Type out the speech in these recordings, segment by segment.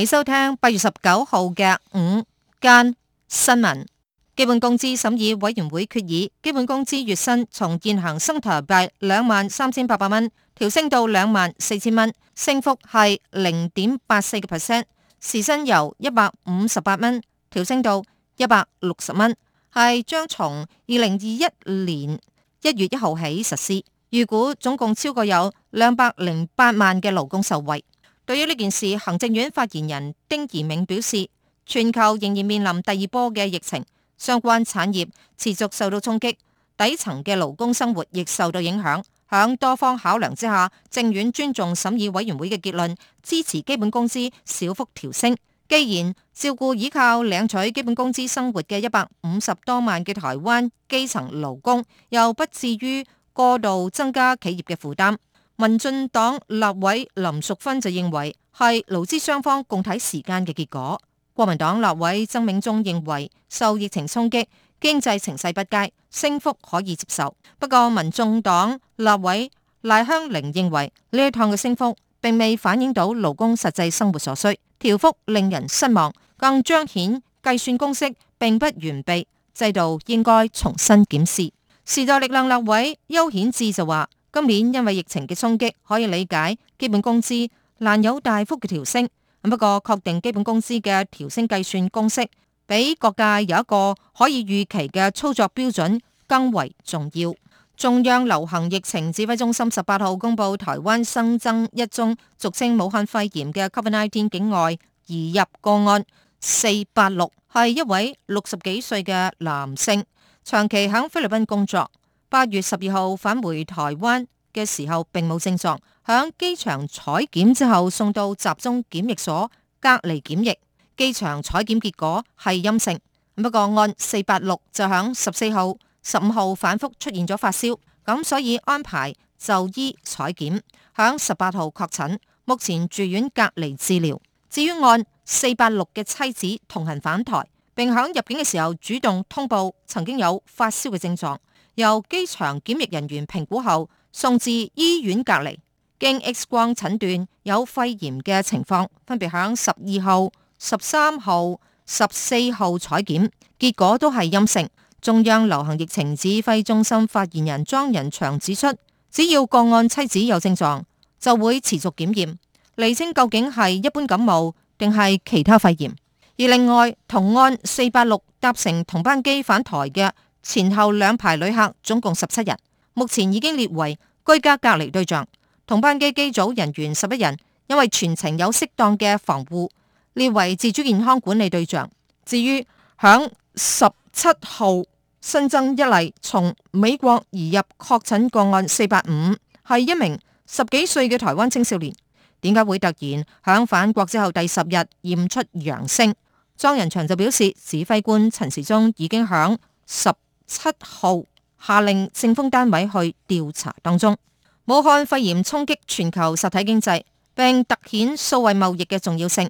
你收聽八月十九號嘅午間新聞，基本工資審議委員會決議，基本工資月薪從現行新台幣兩萬三千八百蚊調升到兩萬四千蚊，升幅係零點八四個 percent，時薪由一百五十八蚊調升到一百六十蚊，係將從二零二一年一月一號起實施，預估總共超過有兩百零八萬嘅勞工受惠。對於呢件事，行政院發言人丁怡銘表示，全球仍然面臨第二波嘅疫情，相關產業持續受到衝擊，底層嘅勞工生活亦受到影響。響多方考量之下，政院尊重審議委員會嘅結論，支持基本工資小幅調升。既然照顧依靠領取基本工資生活嘅一百五十多萬嘅台灣基層勞工，又不至於過度增加企業嘅負擔。民進黨立委林淑芬就認為係勞資雙方共體時艱嘅結果。國民黨立委曾銘宗認為受疫情衝擊，經濟情勢不佳，升幅可以接受。不過民眾黨立委賴香伶認為呢一趟嘅升幅並未反映到勞工實際生活所需，調幅令人失望，更彰顯計算公式並不完備，制度應該重新檢視。時代力量立委邱顯智就話。今年因為疫情嘅衝擊，可以理解基本工資難有大幅嘅調升。不過，確定基本工資嘅調升計算公式，比各界有一個可以預期嘅操作標準更為重要。中央流行疫情指揮中心十八號公布，台灣新增一宗俗稱武漢肺炎嘅 COVID-19 境外移入個案，四八六係一位六十幾歲嘅男性，長期喺菲律賓工作。八月十二號返回台灣嘅時候並冇症狀，響機場採檢之後送到集中檢疫所隔離檢疫。機場採檢結果係陰性，不過案四八六就響十四號、十五號反覆出現咗發燒，咁所以安排就醫採檢，響十八號確診，目前住院隔離治療。至於案四八六嘅妻子同行返台，並響入境嘅時候主動通報曾經有發燒嘅症狀。由機場檢疫人員評估後送至醫院隔離，經 X 光診斷有肺炎嘅情況，分別響十二號、十三號、十四號採檢，結果都係陰性。中央流行疫情指揮中心發言人莊人祥指出，只要個案妻子有症狀，就會持續檢驗，釐清究竟係一般感冒定係其他肺炎。而另外同案四八六搭乘同班機返台嘅。前後兩排旅客總共十七人，目前已經列為居家隔離對象。同班機機組人員十一人，因為全程有適當嘅防護，列為自主健康管理對象。至於響十七號新增一例從美國移入確診個案四百五，係一名十幾歲嘅台灣青少年。點解會突然響返國之後第十日驗出陽性？莊人祥就表示，指揮官陳時中已經響十。七號下令政風單位去調查當中，武漢肺炎衝擊全球實體經濟，並突顯數位貿易嘅重要性。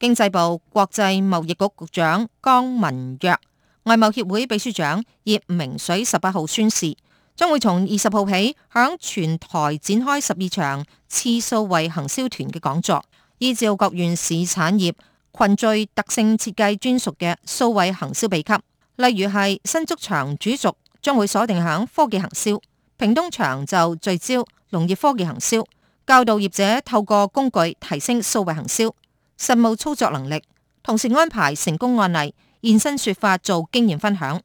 經濟部國際貿易局局長江文若、外貿協會秘書長葉明水十八號宣示，將會從二十號起響全台展開十二場次數位行銷團嘅講座，依照各縣市產業群聚特性設計專屬嘅數位行銷秘笈。例如係新竹場，主軸將會鎖定喺科技行銷，屏東場就聚焦農業科技行銷，教導業者透過工具提升數位行銷實務操作能力，同時安排成功案例現身說法做經驗分享。而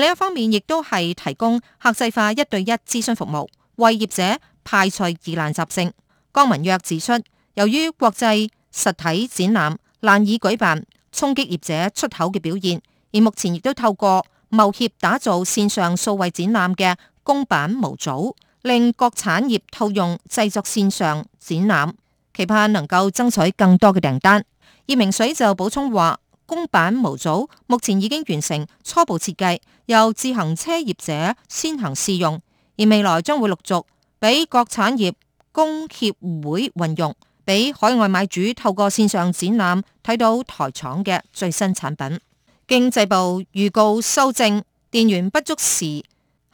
另一方面，亦都係提供客製化一對一諮詢服務，為業者排除疑難雜症。江文約指出，由於國際實體展覽難以舉辦，衝擊業者出口嘅表現。而目前亦都透過貿協打造線上數位展覽嘅公版模組，令各產業套用製作線上展覽，期盼能夠爭取更多嘅訂單。葉明水就補充話，公版模組目前已經完成初步設計，由自行車業者先行試用，而未來將會陸續俾各產業公協會運用，俾海外買主透過線上展覽睇到台廠嘅最新產品。經濟部預告修正電源不足時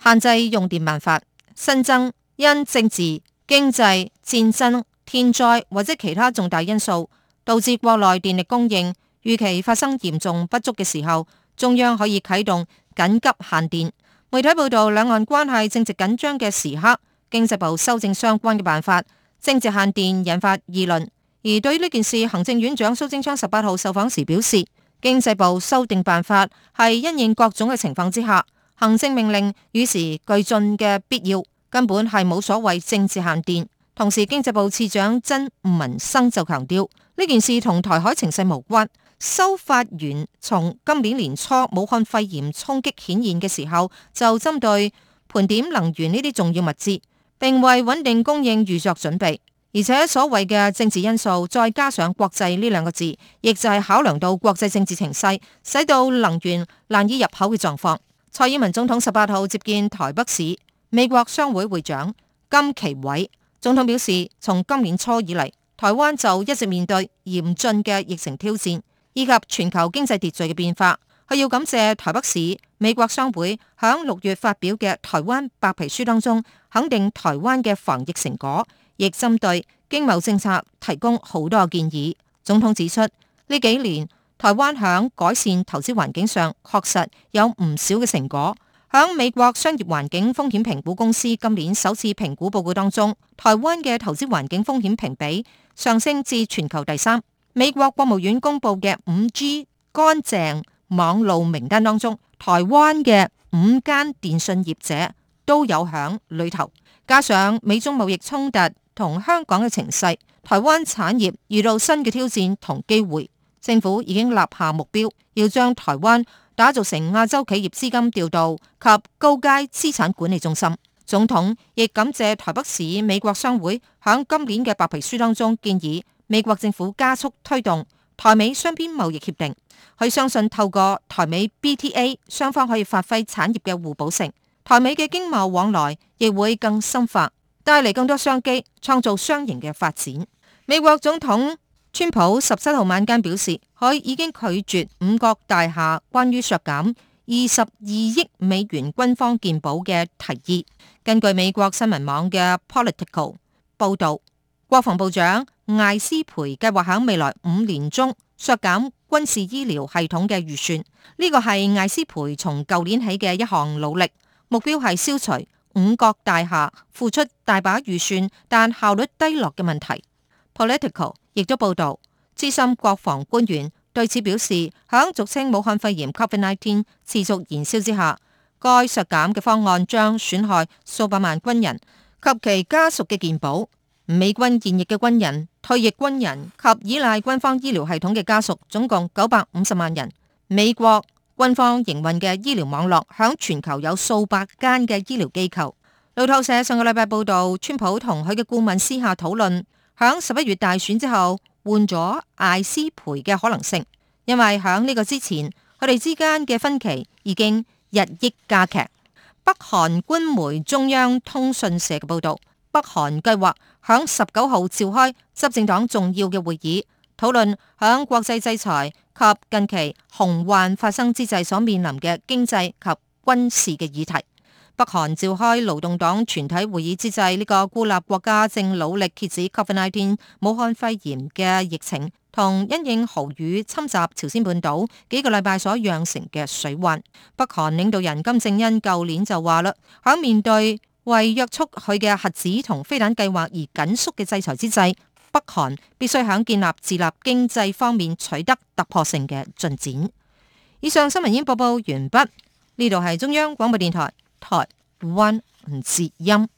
限制用電辦法，新增因政治、經濟、戰爭、天災或者其他重大因素導致國內電力供應預期發生嚴重不足嘅時候，中央可以啟動緊急限電。媒體報道兩岸關係正值緊張嘅時刻，經濟部修正相關嘅辦法，正值限電引發議論。而對於呢件事，行政院長蘇貞昌十八號受訪時表示。經濟部修訂辦法係因應各種嘅情況之下，行政命令與時俱進嘅必要，根本係冇所謂政治限電。同時，經濟部次長曾文生就強調呢件事同台海情勢無關。修法完從今年年初武漢肺炎衝擊顯現嘅時候，就針對盤點能源呢啲重要物資，並為穩定供應預作準備。而且所謂嘅政治因素，再加上國際呢兩個字，亦就係考量到國際政治情勢，使到能源難以入口嘅狀況。蔡英文總統十八號接見台北市美國商會會長金其偉，總統表示，從今年初以嚟，台灣就一直面對嚴峻嘅疫情挑戰，以及全球經濟秩序嘅變化。佢要感謝台北市美國商會響六月發表嘅台灣白皮書當中，肯定台灣嘅防疫成果。亦針對經貿政策提供好多建議。總統指出，呢幾年台灣響改善投資環境上確實有唔少嘅成果。響美國商業環境風險評估公司今年首次評估報告當中，台灣嘅投資環境風險評比上升至全球第三。美國國務院公佈嘅五 G 乾淨網路名單當中，台灣嘅五間電信業者都有響裏頭。加上美中貿易衝突，同香港嘅情勢，台灣產業遇到新嘅挑戰同機會，政府已經立下目標，要將台灣打造成亞洲企業資金調度及高階資產管理中心。總統亦感謝台北市美國商會響今年嘅白皮書當中建議，美國政府加速推動台美雙邊貿易協定。佢相信透過台美 BTA，雙方可以發揮產業嘅互補性，台美嘅經貿往來亦會更深化。帶嚟更多商機，創造雙贏嘅發展。美國總統川普十七號晚間表示，佢已經拒絕五角大廈關於削減二十二億美元軍方健保嘅提議。根據美國新聞網嘅 Political 報道，國防部長艾斯培計劃喺未來五年中削減軍事醫療系統嘅預算。呢個係艾斯培從舊年起嘅一項努力，目標係消除。五角大廈付出大把預算，但效率低落嘅問題。Political 亦都報道，資深國防官員對此表示，響俗稱武漢肺炎 （COVID-19） 持續延燒之下，該削減嘅方案將損害數百萬軍人及其家屬嘅健保。美軍現役嘅軍人、退役軍人及依賴軍方醫療系統嘅家屬總共九百五十萬人。美國。軍方營運嘅醫療網絡響全球有數百間嘅醫療機構。路透社上個禮拜報道，川普同佢嘅顧問私下討論，響十一月大選之後換咗艾斯培嘅可能性，因為響呢個之前佢哋之間嘅分歧已經日益加劇。北韓官媒中央通訊社嘅報道，北韓計劃響十九號召開執政黨重要嘅會議。討論響國際制裁及近期洪患發生之際所面臨嘅經濟及軍事嘅議題。北韓召開勞動黨全體會議之際，呢、這個孤立國家正努力遏止新冠肺炎、武漢肺炎嘅疫情，同因應豪雨侵襲朝鮮半島幾個禮拜所釀成嘅水患。北韓領導人金正恩舊年就話啦，響面對為約束佢嘅核子同飛彈計劃而緊縮嘅制裁之際。北韓必須喺建立自立經濟方面取得突破性嘅進展。以上新聞已經播報完畢，呢度係中央廣播電台台灣之音。